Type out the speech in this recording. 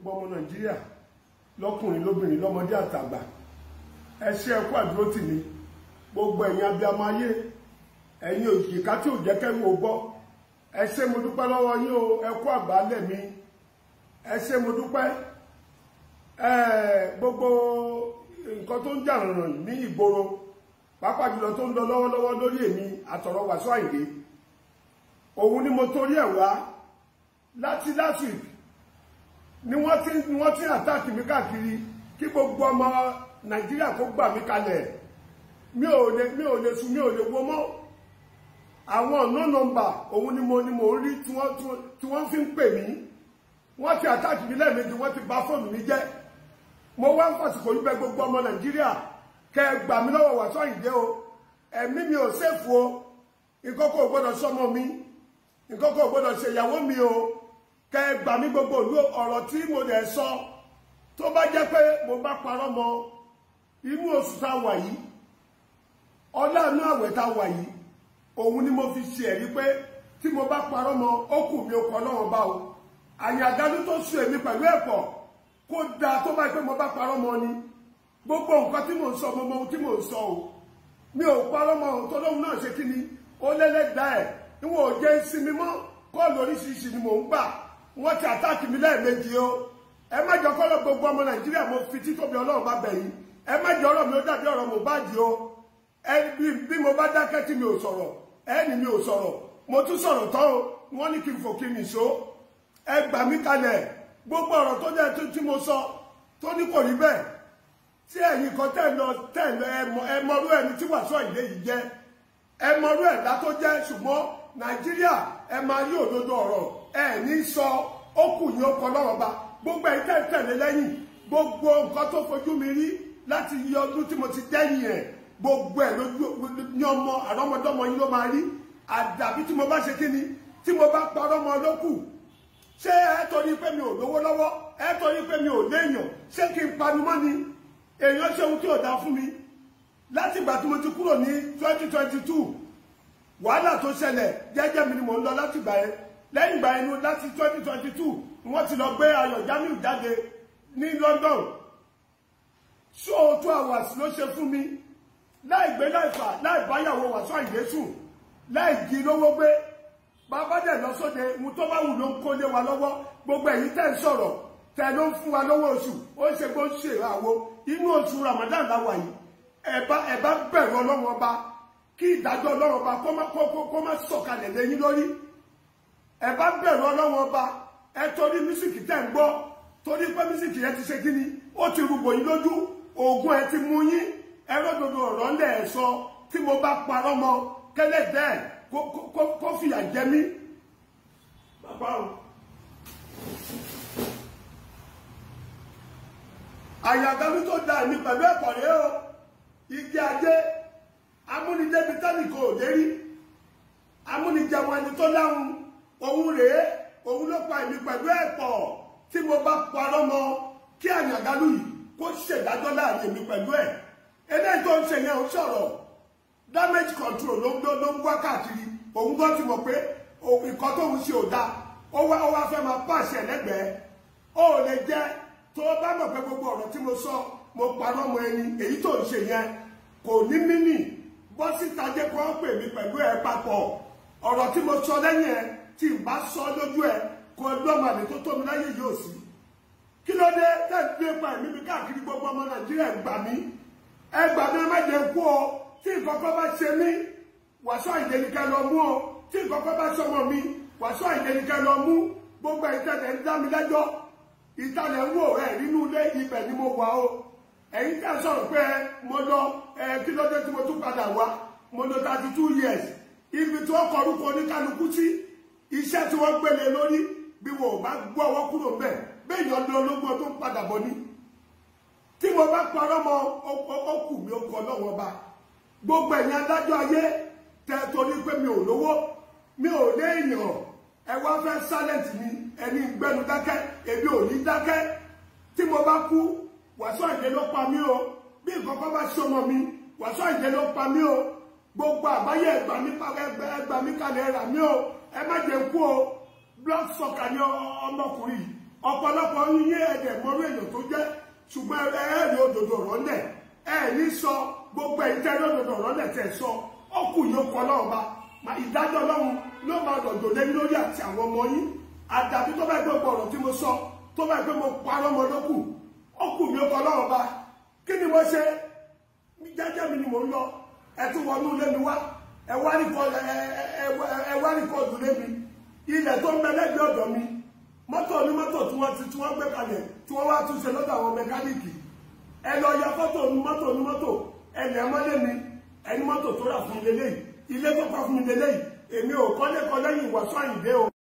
gbogbo ọmọ nàìjíríà lọkùnrin lóbìnrin lọmọdé àtàgbà ẹ ṣé ẹ kú àdúró tì mí gbogbo ẹ̀yin abiyamọ ayé ẹ̀yin òjìká tí ò jẹ́ kẹ́rù ò gbọ ẹ ṣé mo dúpẹ́ lọ́wọ́ yín o ẹ kú mi ẹ ṣé mo dúpẹ́ gbogbo nǹkan tó ń jà rànràn ní ìgboro pàápàá jùlọ tó ń lọ lọ́wọ́lọ́wọ́ lórí èmi àtọ̀rọ̀ Wàsíù Àyìndé òun ni mo torí ẹ̀ wá láti last week ni wọ́n ti ni wọ́n ti àtàkì mi káàkiri kí gbogbo ọmọ nàìjíríà kó gbà mí kalẹ̀ mi ò lè mi ò lè sùn mi ò lè wo mọ́ àwọn ọ̀nà nọ́mbà òun ni mo ni mo rí tí wọ́n tí wọ́n fi ń pè mí wọ́n ti àtàkì mi lẹ́ẹ̀mejì wọ́n ti bà fóònù mi jẹ́ mo wá ń fàsìkò yí bẹ̀ gbogbo ọmọ nàìjíríà kẹ́ ẹ gbà mí lọ́wọ́ Wasiu Ayinde o ẹ̀mí mi ò ṣèfù o ìkókó ò gbọ́dọ̀ sọmọ mi ìkókó ò gbọ́dọ̀ ṣèyàwó mi o kẹ́ ẹ gbà mí gbogbo ìlú ọ̀rọ̀ tí mo dẹ̀ sọ tó bá jẹ́ pé mo bá parọ́ mọ́ inú oṣù tá a wà yìí ọlá inú àwẹ̀ tá a wà yìí òun ni mo fi ṣe ẹ̀rí pé tí mo bá parọ́ mọ́ ó kù mí okọ̀ ọlọ́run bá o àyè àdájú tó sùn èmi pẹ̀lú ẹ̀kọ́ kó dáa tó bá pé mo bá parọ́ mọ́ ni gbogbo nǹkan tí mò ń sọ mo mọ ohun tí mò ń sọ o mi ò parọ́ mọ́ ohun tó lóhun náà ṣe kí ni ó lẹ́lẹ́dàá ẹ̀ níwọ̀n ò jẹ́ sinmi mọ́ kọ́ọ̀lù oríṣiríṣi ni mò ń gbà wọ́n ti àtàkì mi lẹ́ẹ̀mejì o ẹ má gbogbo ọmọ nàìjíríà mo fi títóbi ọlọ́run bá bẹ̀ yìí ẹ má jọ ọ̀rọ̀ mi ó dàbí ọ̀rọ̀ Mohbad o bí mo bá dákẹ́ tí mi ò sọ̀rọ̀ ẹni mi ò sọ̀rọ̀ o wọ́n ní kí n fò kí n nìṣó ẹ gbà mí gbogbo ọ̀rọ̀ tó jẹ́ ẹ ẹ ẹ ní sọ ó kù ní ọkọ lọ́rọ̀ bá gbogbo ẹ̀ tẹ̀tẹ̀lé lẹ́yìn gbogbo nǹkan tó fojú mi rí láti iye ọdún tí mo ti dẹ́yìn ẹ̀ gbogbo ẹ̀ lójú ní ọmọ àrọ́mọdọ́mọ yín ló máa rí àdàbí tí mo bá ṣe kíni tí mo bá parọ́ ọmọ lókù ṣé ẹ torí pé mi ò lówó lọ́wọ́ ẹ torí pé mi ò léèyàn ṣé kí n panu mọ́ ni èèyàn ṣe ohun tí ò dáa fún mi láti ìgbà tí mo ti kúrò ní twenty twenty two wàhálà tó ṣẹlẹ̀ jẹ́jẹ́ mi ni mò ń lọ láti ìgbà yẹn lẹ́yìn ìgbà inú láti 2022. twenty two wọ́n ti lọ gbé Ayọ̀ Jamiu jáde ní London so two hours ló ṣe fún mi láì gbé láì fà láì báyàwó Wasiu Ayinde sùn láì jí lówó gbé bàbá dẹ̀ lọ sóde ohun tó bá wù ló ń kó lé wa lọ́wọ́ gbogbo èyí tẹ̀ ń sọ̀rọ̀ tẹ̀ ló ń fún wa lọ́wọ́ oṣù ó ṣe bó ń ṣe àwo inú oṣù Ramadan la wà yìí ẹ̀bá ẹ̀bá bẹ̀rù Ọlọ́run ọba kí ìdájọ́ Ọlọ́run ọba kó má sọ̀kalẹ̀ lẹ́yìn lórí ẹ bá bẹ̀rù ọlọ́run ọba ẹ torí mísìkì tẹ̀ ń gbọ́ torí pé mísìkì yẹn ti ṣe kí ni ó ti rúgbò yín lójú oògùn ẹ ti mú yín ẹ rọ́dọ̀dọ̀ ọ̀rọ̀ ńlẹ̀ ẹ̀ sọ tí mo bá parọ́ mọ́ kẹ́lẹ́ bẹ́ẹ̀ kó fìyà jẹ mí. bàbá o àyàgbẹ́mí tó da èmi pẹ̀lú ẹ̀kọ́ rẹ o igi ajé amúnijẹ́ bíi tẹ́nìkò òde rí amúnijẹ́ wọn ẹni tó láhùn. òun rèé òun ló pa èmi pẹ̀lú ẹ̀pọ̀ tí mo bá parọ́ mọ́ kí àyàngálù yìí kó ṣèdájọ́ láàrin èmi pẹ̀lú ẹ̀ eléyìí tó ń ṣe yẹn ò sọ̀rọ̀ damage control ló ń wá káàkiri òun gbọ́ ti mọ̀ pé nǹkan tóun ṣe ò dáa ó wá fẹ́ máa pàṣẹ lẹ́gbẹ̀ẹ́ ó lè jẹ́ tó bá gbogbo ọ̀rọ̀ tí mo sọ mo parọ́ ẹni èyí tó ń ṣe yẹn kò ní mímì jẹ́ kó pè mo sọ lẹ́yìn tí n bá sọ lójú ẹ kò ẹgbọ́mọdé tó mi láyé yóò sí kí ló dé tẹ̀sí nípa ẹ̀mí mi káàkiri gbogbo ọmọ nàìjíríà gbà mí ẹ gbà mí má jẹ́ kú o tí nǹkan kan bá ṣe mí wàásù àìdẹ́nìkẹ́ lọ mú o tí nǹkan kan bá ṣọmọ mi wàásù àìdẹ́nìkẹ́ lọ mú gbogbo ìtẹ̀lẹ̀ ń dá mi lẹ́jọ́ ìtàlẹ̀ ń wò ẹ̀ nínú ilé ibẹ̀ ni mo wà o ẹ̀yin tí a sọ̀rọ̀ pé mo lọ ẹ̀ kí ló dé tí mo tún padà wá mo lọ thirty two years ibi tí wọ́n kọ orúkọ oníkálukú sí iṣẹ́ tí wọ́n gbélé lórí bí wọn ò bá gbọ́ ọwọ́ kúrò bẹ́ẹ̀ bẹ́ẹ̀ yọ ọdún ológun tó ń padà bọ̀ ni tí mo bá parọ́ mọ́ ọkù mi ó kọ lọ́wọ́ bá gbogbo ẹ̀yin adájọ́ ayé tẹ torí pé mi ò lówó mi ò lé èèyàn ẹ wá fẹ́ silent mi ẹni gbẹnu dákẹ́ èmi ò ní dákẹ́ tí mo bá kú wàásù àìdè ló pa mí o bí nǹkan bá ṣọmọ mi wàásù àìdè ló pa mí o gbogbo àbáyé ẹgbàmí kalẹ̀ ẹgbàmí mí o. ẹ má kú o blood soccer ni ọmọkùnrin yìí ọ̀pọ̀lọpọ̀ yíyé ẹ̀dẹ̀ mọ́rú èèyàn tó òdòdó ní sọ gbogbo òdòdó sọ ọkùnrin yóò kọ́ lọ́wọ́ bá ló máa lé lórí àti àwọn ọmọ yín àdàbí sọ tó mo ọmọ lókù yóò ni ṣe ni mò ń lọ wọnú lé mi wá ẹwà rìkọ́dù lébi ilẹ̀ tó ń bẹ lẹ́bi ọ̀dọ̀ mi mọ́tò onímọ́tò tí wọ́n ti tí wọ́n gbé kalẹ̀ tí wọ́n wá túnṣe lọ́dọ̀ àwọn mẹkáníìkì ẹ lọ ya fọ́tò onímọ́tò onímọ́tò ẹlẹ́ mọ́lé mi ẹni mọ́tò tó rà fún mi lélẹ́yìí ilé tó kọ́ fún mi lélẹ́yìí èmi ò kọ́lé kọ́ lẹ́yìn ìwàsó àyìnbé o